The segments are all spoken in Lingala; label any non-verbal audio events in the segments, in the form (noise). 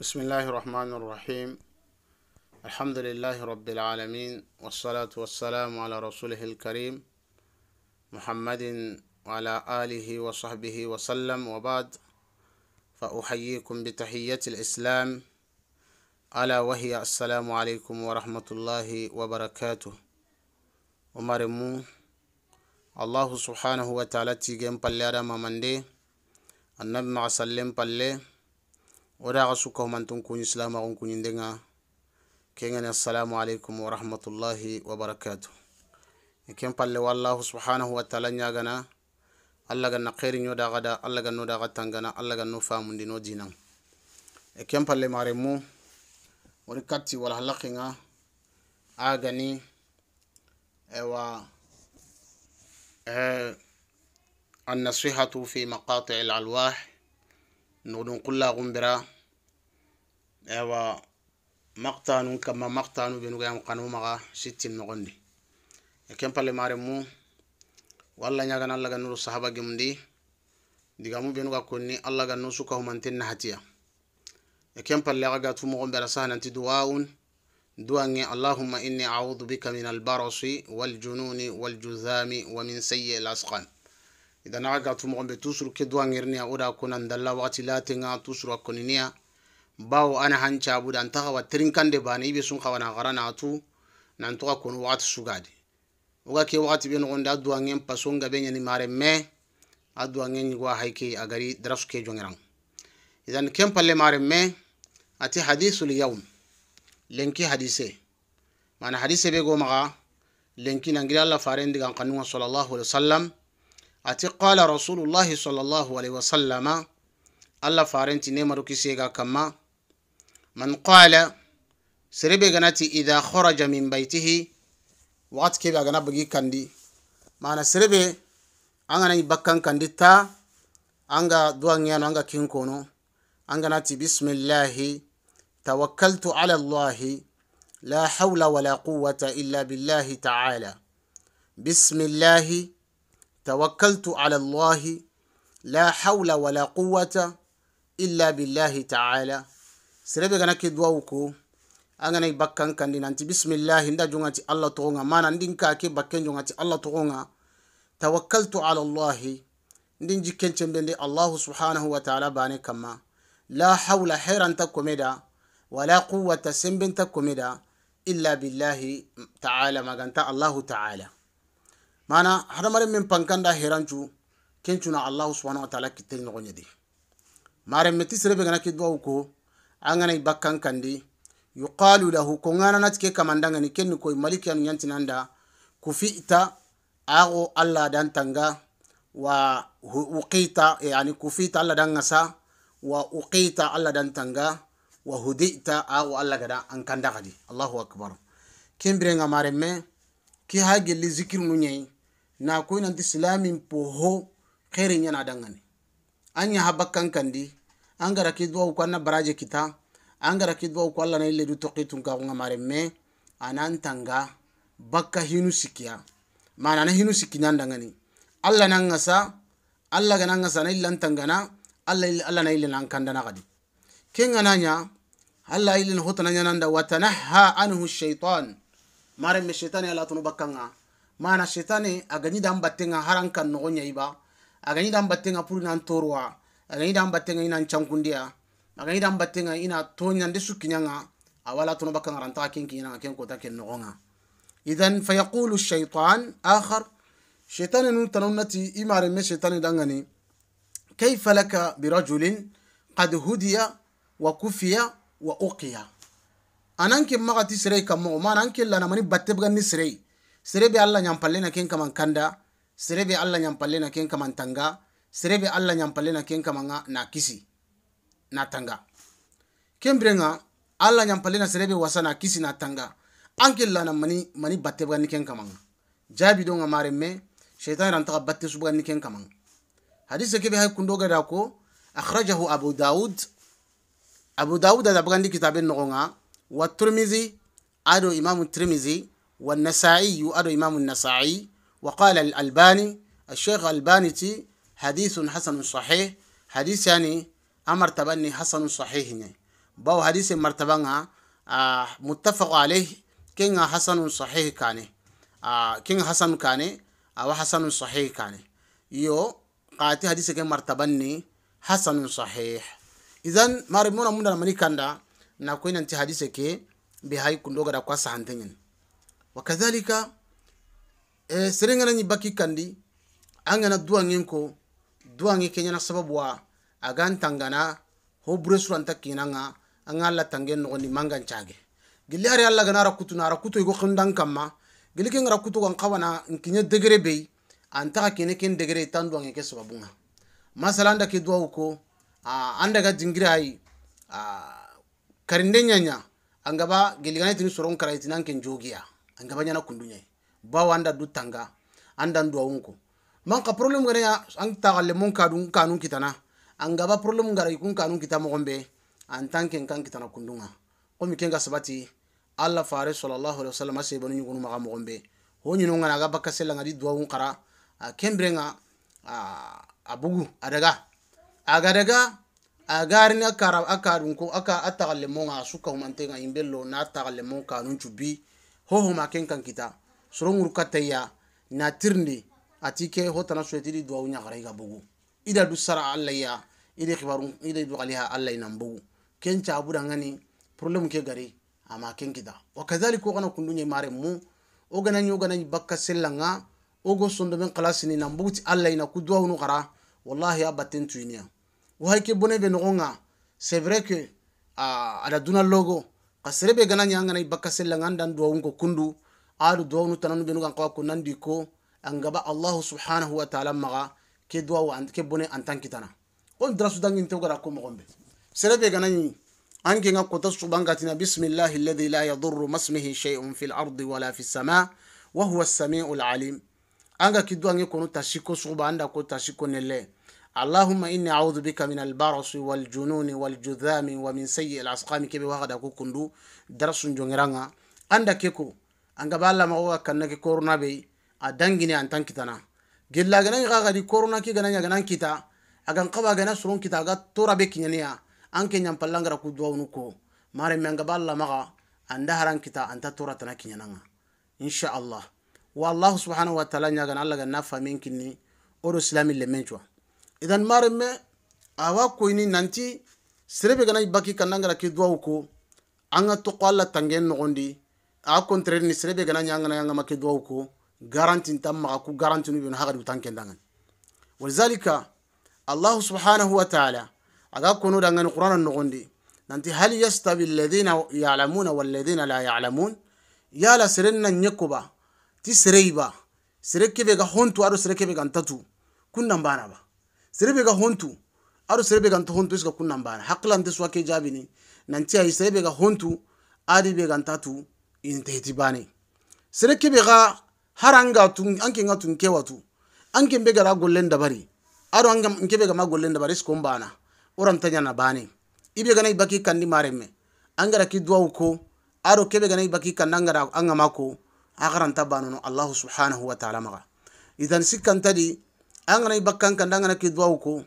بسم الله الرحمن الرحيم الحمد لله رب العالمين والصلاة والسلام على رسوله الكريم محمد وعلى آله وصحبه وسلم وبعد فأحييكم بتحية الإسلام ألا وهي السلام عليكم ورحمة الله وبركاته ومرمو الله سبحانه وتعالى تيجي مبالي ممندي النبي مع سلم بالله ودا غسوكو من تنكون إسلام غنكون يندنا كينا السلام عليكم ورحمة الله وبركاته كم بالله والله سبحانه وتعالى نياغنا الله غنا خير نيو دا غدا الله غنو دا غتانغنا الله غنو فامون دينو دينا كم بالله مارمو وركاتي ولا حلقنا آغاني ايوا النصيحة في مقاطع الألواح نقول قلا غنبرا ewa maqtanu kama maqtanu benuga yam kanu maga sittin nogondi e kempalle mare mu walla ñagana allah gannuru sahaba gemundi digamu benuga konni allah gannu suka humanten nahatiya e kempalle aga gatu mogon bera sahananti duwaun duwange allahumma inni audu bika min albarasi waljununi waljuzami wa min sayi alasqam idan aga gatu mogon be tusuru ke duwangirniya oda konan dalla wakati latenga tusuru a koniniya bawo ana hancabuda anta hawa tirinkande bane ibe sun hawana hara natu nantuga konu wakati sugadi oga ke wakati be nogonde a duwangen paso nga be ñani mare me a duwangen ñigowa hayke agari darasu ke jongeran idan ken palle mare me ati hadisul yawm lenki hadise mana hadise be go maga lenki nangiri allah faren digan kanuga sallallahu alaihi wasallam ati qala rasulullahi sallallahu alaihi wasallama allah farenti nemaru kisega kamma من قال سربي غناتي إذا خرج من بيته وقت كيف أغنى بغي كندي معنى سربي أغنى يبكن كندي تا أغنى دوان يانو أغنى كينكونو أغنى بسم الله توكلت على الله لا حول ولا قوة إلا بالله تعالى بسم الله توكلت على الله لا حول ولا قوة إلا بالله تعالى serebe gana ke duwawu ko angana gana i bakkan kandi nanti bisimillahi nda ti allah togo ŋa mana ndin ka ke bakken junga ti allah togo ŋa tawakkaltu ala llahi ndin jikken cembendi Allah subhanahu wa taala bane kama la hawla heranta komeda wala quwwata sembenta komeda illa billahi taala maganta Allah taala mana haramare min pankanda herancu kencuna Allah subhanahu wa taala kitin ngonyedi mare meti serebe gana ke duwawu ko angana ibakan kandi yuqalu lahu ko ŋananati ke kamandangani kenni koy maliki malik nyanti nanda kufita ago alla dan tanga wa uqita yani e, kufita alla dan ŋasa wa uqita alla dan tanga wa hudita ago alla gada an kanda gadi allahu akbar kimbre kembirenga maremme ki hage li zikir mu ñayi na koy nanti silamin poho khere nyana dangani anya habakan kandi angara kidwa ukwanna baraje kita angara kidwa ukwalla na ile dutoki tunka kunga maremme anantanga baka hinu sikiya mana na hinu sikinya ndangani alla nangasa alla ga nangasa na illa ntangana alla alla na illa nankandana gadi kenga nanya alla illa hotana nanya nanda watanaha anhu shaytan me shaytani ala tunu bakkanga mana shaytani aganyi dan battenga harankan no nya iba aganyida mbatenga battenga purina ntorwa aga ida mbatenga ina nchankundia aga ida mbatenga ina tonya ndesu kinyanga awala tono baka ngaranta ken kinyanga ken kota ken nogonga idan fayaqulu shaytan akhar shaytan nu tanunati imare me shaytan dangani kayfa laka birajulin qad hudiya wa kufiya wa uqiya ananke magati sirei kammo ma ananke lana mani batte bganni sirei sirebe alla nyampalle na ken kaman kanda sirebe alla nyampalle na ken kaman tanga serebe alla nyampale na ken kama na kisi na tanga kembrenga alla nyampale na serebe wasa na kisi na tanga anke la na mani mani batte bani ken kama jabi do nga mare me shaytan ran ta batte su bani ken kama hadise kebe hay kundoga da ko akhrajahu abu daud abu daud da bani kitabe no nga wa turmizi ado imam turmizi wa والنسائي أدو إمام النسائي وقال الألباني الشيخ الألباني حديث حسن صحيح حديث يعني أمر تبني حسن صحيح يعني باو حديث مرتبنا آه متفق عليه كين حسن صحيح كان آه كين حسن كان أو حسن صحيح كان يو قاتي حديث كين مرتبني حسن صحيح إذن مارمونا من المنيكان دا نكون أنت حديث كي بهاي كندوغا كواسا هنتين وكذلك eh, serengana ni baki kandi angana duwa duwangi sababu sababuwa agan tangana ho bure suranta kinanga anga la tangen ni mangan chage gilli ari alla gana rakutu na rakutu igo khundan kama gilli ken rakutu kan qawana nkinya degere bey anta kine ken degere tan duwangi ke sababunga masala da ke duwa ko anda ga jingiri ai karinde nyanya angaba giligana tin soron karaitinan ken jogiya angaba nyana kundunye bawa anda dutanga anda duwa unko manka problem gare ya, an tagalle mon kadun kanun kitana an gaba problem gare kun kanun kita mogon be an tanken kan kitana kundunga komi kenga sabati allah fare sallallahu alaihi wasallam ase banu nyugunu maga mogon ho nyinu ngana ga ngadi duwa un qara a kembrenga a abugu adaga aga daga a garini akara akarun ko aka atagalle mon a suka humante ga imbello na atagalle mon kanun cubi ho huma ken kita surungur kataya na tirni ati ke hotana suetidi duwawu ñagara ka bogu ida du sara allah ya ida xibaru ida du aliha allah nan bogu ken cabuda ngani problème ke gari ama ken kita wa kadhalik wogana kunduñe mare mu o ganañi o ganañi bakka sellanga ogo sondo men kalasini nan boguti allah ina ku duwawunu xara wallahi a batten tuyiniya wo hayke bone be noxonga c'est vrai que uh, ada duna logo ka serebe ganañi a nganayi bakka sellanga an dan duwawun ko kundu aadu duwawunu tananu benu gan xawa ko nandi ko angaba allahu subhanahu wa ta'ala maga kedwa wa an kebone antan kitana on drasu dangin to gara ko mogombe serebe ganani ange nga kota subanga tina bismillahi alladhi la yadurru masmihi shay'un fil ardi wala fis sama wa huwa as-sami'ul alim anga kidwa nge kono tashiko subanda ko tashiko nelle اللهم إني أعوذ بك من البرص والجنون والجذام ومن سيء الأسقام كبي وغدا كوكندو درس جونغرانا عندك كيكو أنك بالله ما هو كأنك كورنا بي adangini antan kitana gella ganani ka gadi korona ki ganani ganan kita agan qaba gana suron kita toora bee be kinyaniya anke nyam pallangara ku duwunu ko mare menga balla maga anda haran kita anta tora tana kinyananga insha Allah wa Allah subhanahu wa ta'ala nyagan Allah ganna famin kinni oro islami le menchwa idan mare me awa koyni nanti serebe ganani baki kanangara ki duwu ko anga to qalla tangen nogondi a contraire ni serebe ganani anga anga make duwu ko garantin tamma ku garantinu bin hagad utanken dangan ولذلك الله سبحانه وتعالى أقاكونو دانغان القرآن النغندي نانتي هل يستوي الذين يعلمون والذين لا يعلمون يا لا سرنا نيكوبا تي سريبا سركي بيغا هونتو أرو سركي بيغا انتتو كنا مبانا با سري بيغا هونتو أرو سري بيغا انتو هونتو إسكا كنا مبانا حقلا انت سواكي جابني نانتي هاي سري بيغا هونتو آدي بيغا انتتو انتهتباني سركي بيغا har anga tun anke nga tun ke watu anke be gara gollen da aro anga nke be gama gollen da bari skon oran tanya na bani ibe gana ibaki kandi maremme angara ki duwa ko aro kebe gana ibaki kandi anga mako akaranta banono allah subhanahu wa ta'ala maga idan sikkan tadi angana ibakkan kandi ki duwa ko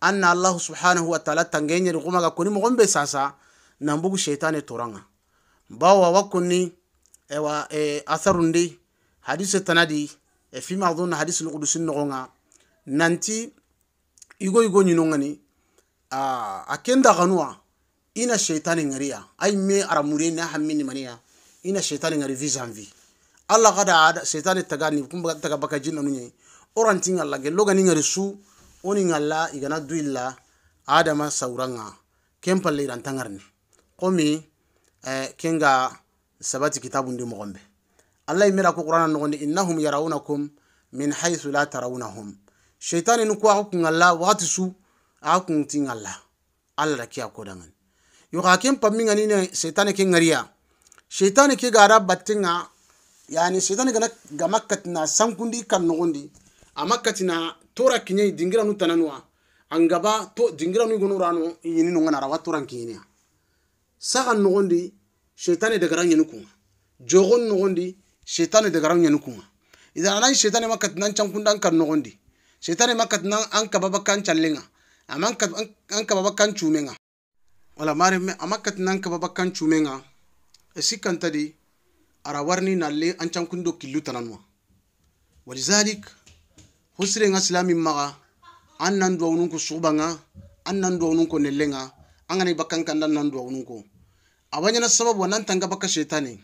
anna allah subhanahu wa ta'ala tangenya ri kuma ga koni mo gombe sasa nambugu toranga bawa wakunni ewa e, atharundi hadise tanadi e fi maxduna hadise luqudusin noxonga nanti igo igo ñinongani a, ah, a kenda xanuwa ina sheitane ngariya ay me aramure na hammini maniya ina sheitane ngari vi Allah alla kada ada sheitane tagani kumba taga baka jinna nunye oranti ngalla ge loga ni ngari su oni ngalla igana duilla adama sauranga kempalle irantangarni komi eh, kenga sabati kitabu ndi mogombe allah imira ko qur'ana nogondi innahum yarawnakum min haisu la tarawnahum sheytani nu ko aku kun allah wakati su a kun tin allah ala da kiya ko dangan yo ka ken pammi ngani ne sheytani ke ŋariya sheytani ke gara battinga yani sheytani gana katina sankundi kan nogondi amakkatina tora kinyai dingira nu tananwa angaba to dingira nu gonurano yini no ngana rawa toran kinyia saka nogondi sheytani daga dagara yinu kun jogon nogondi shetane daga ran yanu kuma idan anan shetane makat nan can kun dan kan nogondi shetane makat nan an ka baba kan challenga aman ka an ka baba kan chumenga wala mare me amakat nan ka baba kan chumenga esikan tadi ara warni nalle an can kun do killu tananwa walizalik husrenga silamin maga an nan duwaunun ko subanga an nan duwaunun ko nellenga an gani bakkan kan nan duwaunun ko abanyana sababu nan tanga bakka shetane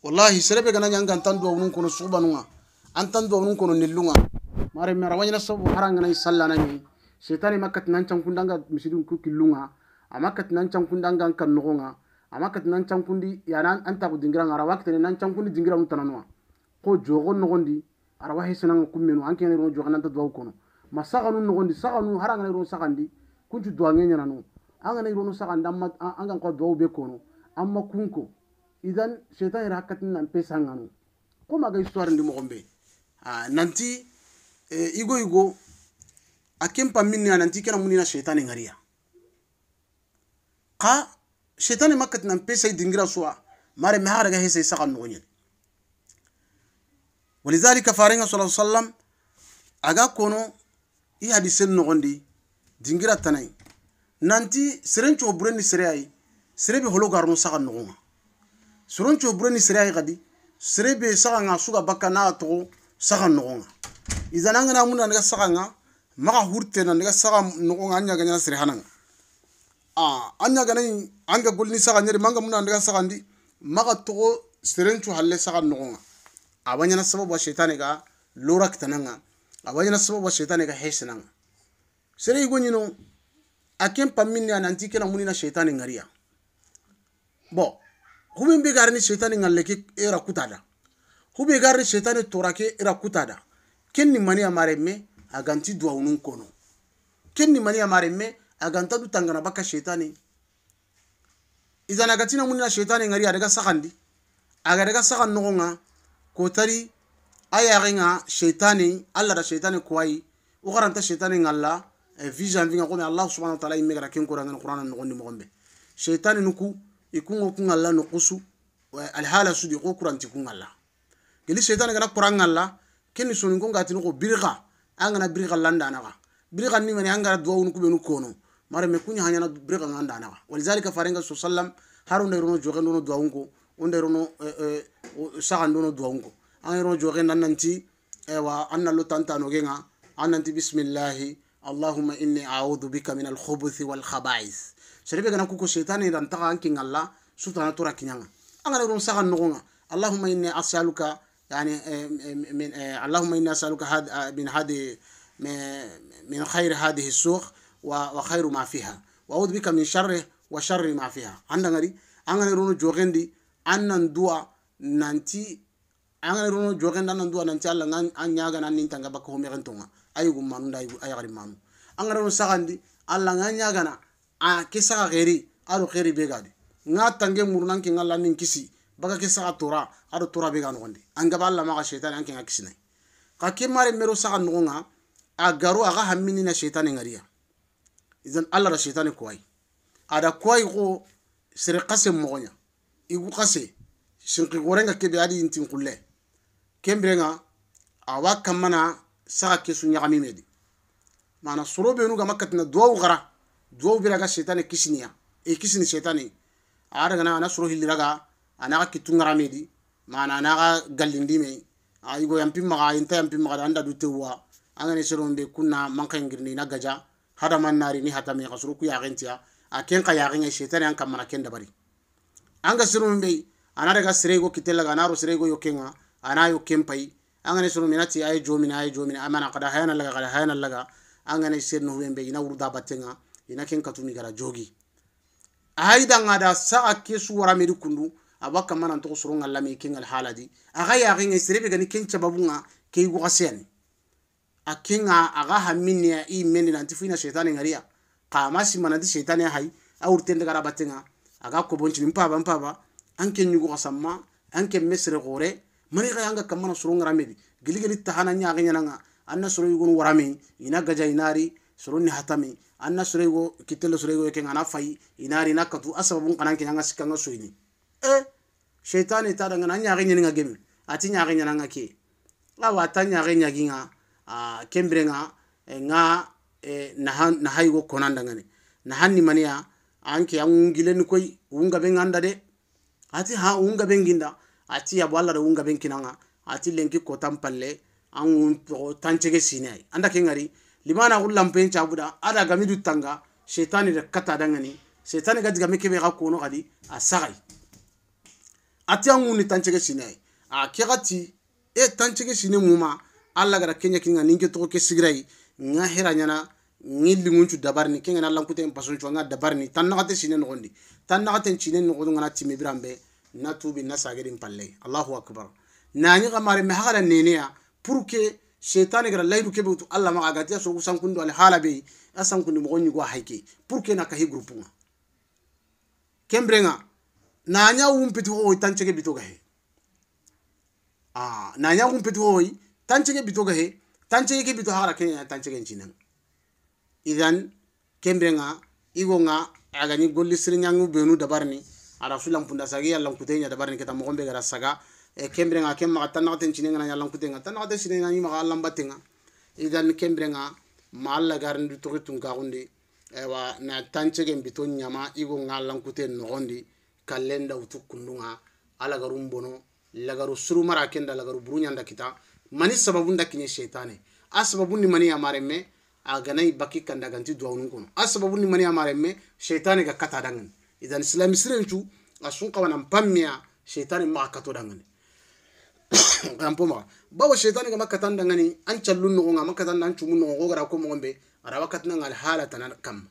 wallahi serebe gana nyanga antan duwa unun kono suba nunga antan duwa unun kono nilunga mare mara wanyana sabu haranga nai salla nangi shetani makat nanchang kundanga misidun kukilunga amakat nanchang kundanga ankan nukonga amakat nanchang kundi yana anta kudingira ngara wakitani nanchang kundi dingira nutananwa ko jogo nukondi arawa hesenanga kummenu anke nai rono jogo nanta duwa ukono masaka nu nukondi saka nu haranga nai rono sakandi kunchu duwa ngenyana nu anga nai rono sakandi anga nkwa duwa ube kono amma kunko idan shaitan yɛrɛ hakkatin nan pe sanganu ko maga histoire ndi mogon be ah, nanti eh, igo igo a ken pammin ni a nanti kena munina shaitani e ngariya ka shaitani e makkati nan pe sai e dingira suwa mare me hagaraga he sai saga nogo ñen walidhalika farenga sala sallam aga kono i hadisen nogondi dingira tanai nanti serencogo burenni sere ayi sere be holo garuno saga nogonga soroncho bure ni sere gadi sere be saga nga suga baka na to saga nogonga izananga na munda nga saga nga maka hurte na nga saga nogonga anya ganya sere hananga a anya ganya anga golni saga nyeri manga munda nga saga ndi maka to serencho halle saga nogonga abanya na sababu shetani ga lora kitananga abanya na sababu shetani ga hesinanga sere igonyino akem pamini anantikela muni na shetani ngaria bo hubi mbi garni shetani ngalleke era kutada hubi garni shetani torake era kutada kenni mani amaremme aganti duwaunun kono kenni mani amaremme aganta du tangana bakka shetani izan agatina munina shetani ngari adaga sakandi aga daga sakan nogo nga kotari ayaxe nga shetani alla da shetani kuwayi wo xaranta shetani ngalla eh, vision vinga kome allah subhanau wa taala i megara ken korangani qurana nogondi mogonɓe shetani nuku ikungo kungalla nokusu eh, alhala sudi ko kuranti kungalla geli shaytan gana kurangalla kenni soni ko ngati no birga angana birga landa naga birga ni mani angara duwa un kubenu kono mara me kunya hanya na birga nganda naga walzalika faringa sallam harun rono jogen rono duwa unko onde rono eh, eh, sagan rono duwa unko an rono jogen nan nanti ewa anna lo tanta no genga an nanti bismillah allahumma inni a'udhu bika min al khubuthi wal khaba'ith serebe gana kuko shaitani dan taga ankin Allah sutana tura kinyanga angana rum saga nugunga Allahumma inni as'aluka يعني من اللهم انا اسالك هذا من هذه من خير هذه السوق وخير ما فيها واعوذ بك من شره وشر ما فيها عندنا غري عندنا رونو جوغندي عندنا دوا نانتي عندنا رونو جوغند عندنا دوا نانتي الله ان ياغا نانين تانغا بكو ميغنتونغا ايغو مانو دايغو ايغري مانو عندنا رونو ساغاندي الله ان ياغا a ke saga xeri ado xeri be gadi nga tange murunan ke nga lannin kisi baga ke saga tora ado tora be ga noxondi an gaba lamaxa shetane an ke nga kisinai xa ke mare mero saga noxonga a garo axa hamminina shetane ngariya izan alla ra shetane kuwai ada kuwai xo sere xase moxoña igu xase sinqigorenga kebe adi intin qulle kembirenga awa kammana saga ke su ñaxamimedi mana soro benu ga makkatina duwawu xara جو بيرغا شيطان كيسنيا اي كيسني شيطاني ارغنا نصرو هيلرغا انا كيتونغرامي دي ما انا انا غاليندي مي ايغو يامبي ما انت يامبي ما اندا دوتوا انا نسرون بي كنا مانكنغرني نغاجا هذا من ناري ني حتى مي غسرو كو ياغنتيا اكن كا ياغن شيطان ان كمنا كن دبري anga sirun be ana daga sirego kitelaga anaro sirego yokenga anayo kempai angane sirun minati ay jomina ay jomina amana kada hayana laga kada hayana laga angane sirnu hubembe ina urda batenga ina ken katuni gara jogi aida ngada sa'a ke suwara meri kundu abaka mana to suru ngalla ken al haladi aga ya ken sirebe gani ken chababunga ke gwaseni akenga aga haminne i meni nanti fina shaytani ngariya qama si mananti shaytani hay awurten daga rabatenga aga ko bonci nimpa ban anke nyugo qasamma anke mesre gore mari ga yanga kamana suru ngaramedi giligeli tahana nya ga nyananga anna suru yugun warami ina gaja inari suru ni hatami anna surego kitelo surego ke ngana fai inari na katu asabu kanan ke nyanga sikanga suini e shaytani ta danga nanya ga nyenga gemi ati nya ga nyanga ke awa ta nya ga nyaginga a kembre nga e, nga e, nahan nahai go konan danga ne nahan ni mania anke angile ni koi unga benganda de ati ha unga benginda ati ya bwala da unga benkinanga ati lenki kotampalle an tanchege sinai anda kengari limana hullampen cabuda ada gami du tanga shetani da kata dangani shetani gadi gami kebe ga kono gadi a sagai ati an wuni tancege sinai a ke gati e tancege sine muma alla gara kenya kinga ninke to ke sigrai nga hera nyana ngi lingunchu dabarni kenga alla kute en pason chuanga dabarni tan nagate sine nogondi tan nagate chine nogodo ngana timi birambe natubi nasagedin palle allahu akbar nani gamare me hagala neneya pour que shetani gara layru kebe utu allah maga agati asogu ya kundo ale hala be asankundi ya mogo ñigo a purke pour na kahi grupu nga kembrenga naña wumpiti hoi tancege bitoga he a ah, naña wumpiti hoi tancege bitoga he tancege ke bito hagara keña tancege idan kembrenga igo nga agani golli siri benu dabarni ara lang pundasagi sagi lang kutenya dabarni keta mogonbe gara saga Eh, kembere nga kemma tan na tan cinenga na lan kutenga tan na tan cinenga ni ma lan batenga idan kembere nga malla garin du tuki tun ka gundi wa na tan cegen biton nyama igo nga lan kuten no gondi kalenda utu kundunga ala garum bono lagaru suru mara kenda lagaru burunya nda kita mani sababu nda kinye shetane a ni mani amare ya me a baki kanda ganti duwaunun kono a ni mani amare ya me shetane ga kata dangan idan islamisrencu a sun kawanan pammiya shetane ma kato dangan (coughs) rampo maga bawo shaitani ga makka tan dangani an challun no ga makka tan dan chumun no go gara ko mo gombe ara wakat nan al hala tan kam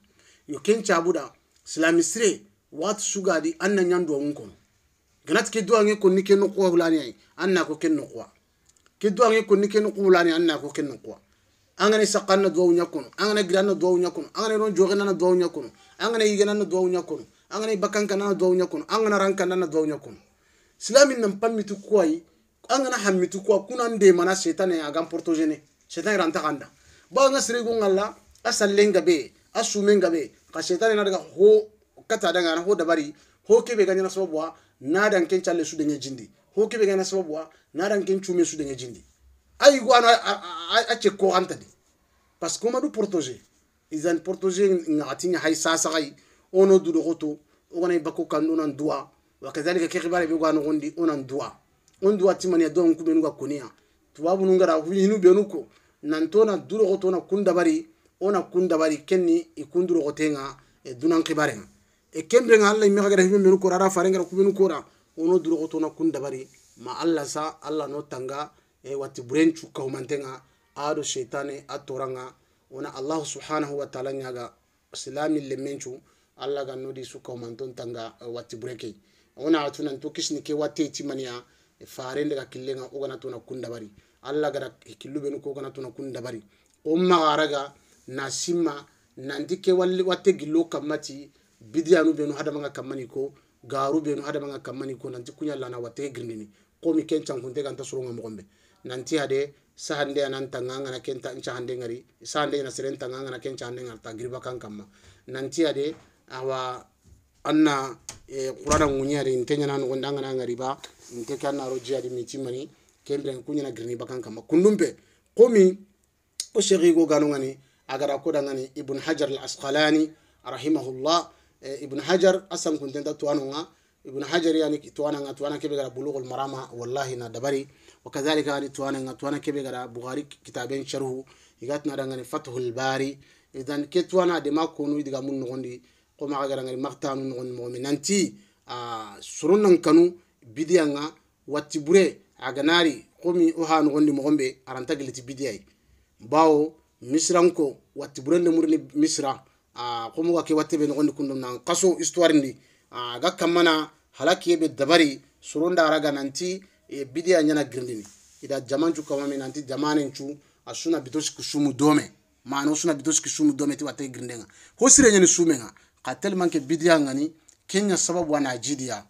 yo ken chabuda slamisre wat suga di an nan nyando unko ganat ke do ngi konni ken no ko hulani ay an na ko ken no kwa ke do ngi konni ken no ko hulani an na ko ken no kwa an gani sakan na duwa nyakon an gani gidan na duwa nyakon an gani ron jogen na duwa nyakon an gani yigen na duwa nyakon an gani bakan kana na duwa nyakon an gani rankan do duwa nyakon islamin nan pammitu kuwai an kana hamitu kuwa kunan de mana setan ya gan portogene setan ran ta kanda ba an asiri gun Allah asallen gabe asumen gabe ka setan na daga ho kata daga na ho dabari ho ke be ganya sababu wa na dan ken challe su denye jindi ho ke be ganya sababu wa na dan ken chume su denye jindi ay go an a ce ko anta de parce que ma du portogé izan portogé ngati nya hay sa sa kai ono du do goto o gana bako kan duwa wa kazalika ke khibare be go an gondi onan duwa undu watimaniya don ku benuga kuniya tubabu nungara hinu benuko nantona goto ona kundabari ona kundabari kenni ikundurogotenga e dunan kibaren e nga Allah imme gara hivyo menuko rara farengara ku benuko ra ono goto ona kundabari ma Allah sa Allah no tanga e wati buren cukka humantenga ado sheitane atoranga ona allah subhanahu wa ta'ala nyaga islami lemenchu alla ga nodi sukka humanton tanga wati bureke ona atuna to kisni ke wati timaniya farende ga killenga ogana tuna kundabari allah gara killu benu ko gana tuna kundabari o magaraga na simma nanti ke walli watte gillo kammati bidiyanu benu hadamanga kamani ko garu benu hadamanga kammani ko nanti kuñallana watte girnini komi ken cankunte ganta soronga mogonɓe nanti hade sahande anan tangangana ken cahande ngari sahande ina seren tangangana ken cahande ngar ta girba kan nanti hade awa anna eh, qur'ana ngunyari intenya nan gondanga na ngariba inte kana rojiya di mitimani kembe kunya na grini bakan kama kundumbe komi o shegi go ganu ngani agara ko dangani ibn hajar al asqalani rahimahullah eh, ibn hajar asan kuntenta tuwanu nga ibn hajar yani tuwana nga tuwana kebe gara bulughul marama wallahi na dabari wakadhalika yani tuwana nga tuwana kebe gara bukhari kitaben sharhu igatna dangani fathul bari idan ke tuwana de ma idiga mun nogondi ko maxa garangari maxtanu noxon moxome nanti a soro nan kanu bidiyanga watti bure a ganari komi o ha noxondi moxon ɓe aranta geleti bidiyay bawo misiranko watti buren le murini misira a komoga ke watte ɓe noxondi kundom nan kaso histoire ndi aga kammana hala keɓe dabari sorondaraga nanti e, bidiya ñana girndini ida jamancu kamame nanti jamanencu a suna bitoski sumu dome mana o suna bitoski sumu dome ti watte girndenga ho sire ñani sumenga ka tellement ke bidiya ngani kenya sababu ana jidiya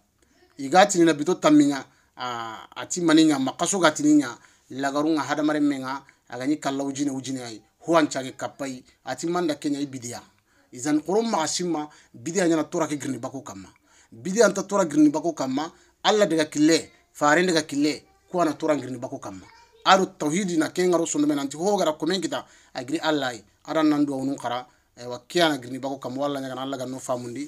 igati ni labito taminya a ati maninya makaso gatinya lagarunga hadamare menga agani kallaw jine ujine ay huwan chage kapai ati manda kenya bidiya izan qurum maasima bidiya nyana tora ke girni bako kama bidiya anta tora girni bako kama alla daga kille faren daga kille ko ana tora girni bako kama aro tauhidi na kenga ro sondo menanti ho gara komen kita agri allah ay aran nan do wonun kara aywa eh, kiyana girni bako kam walla ñagana allah gan no famundi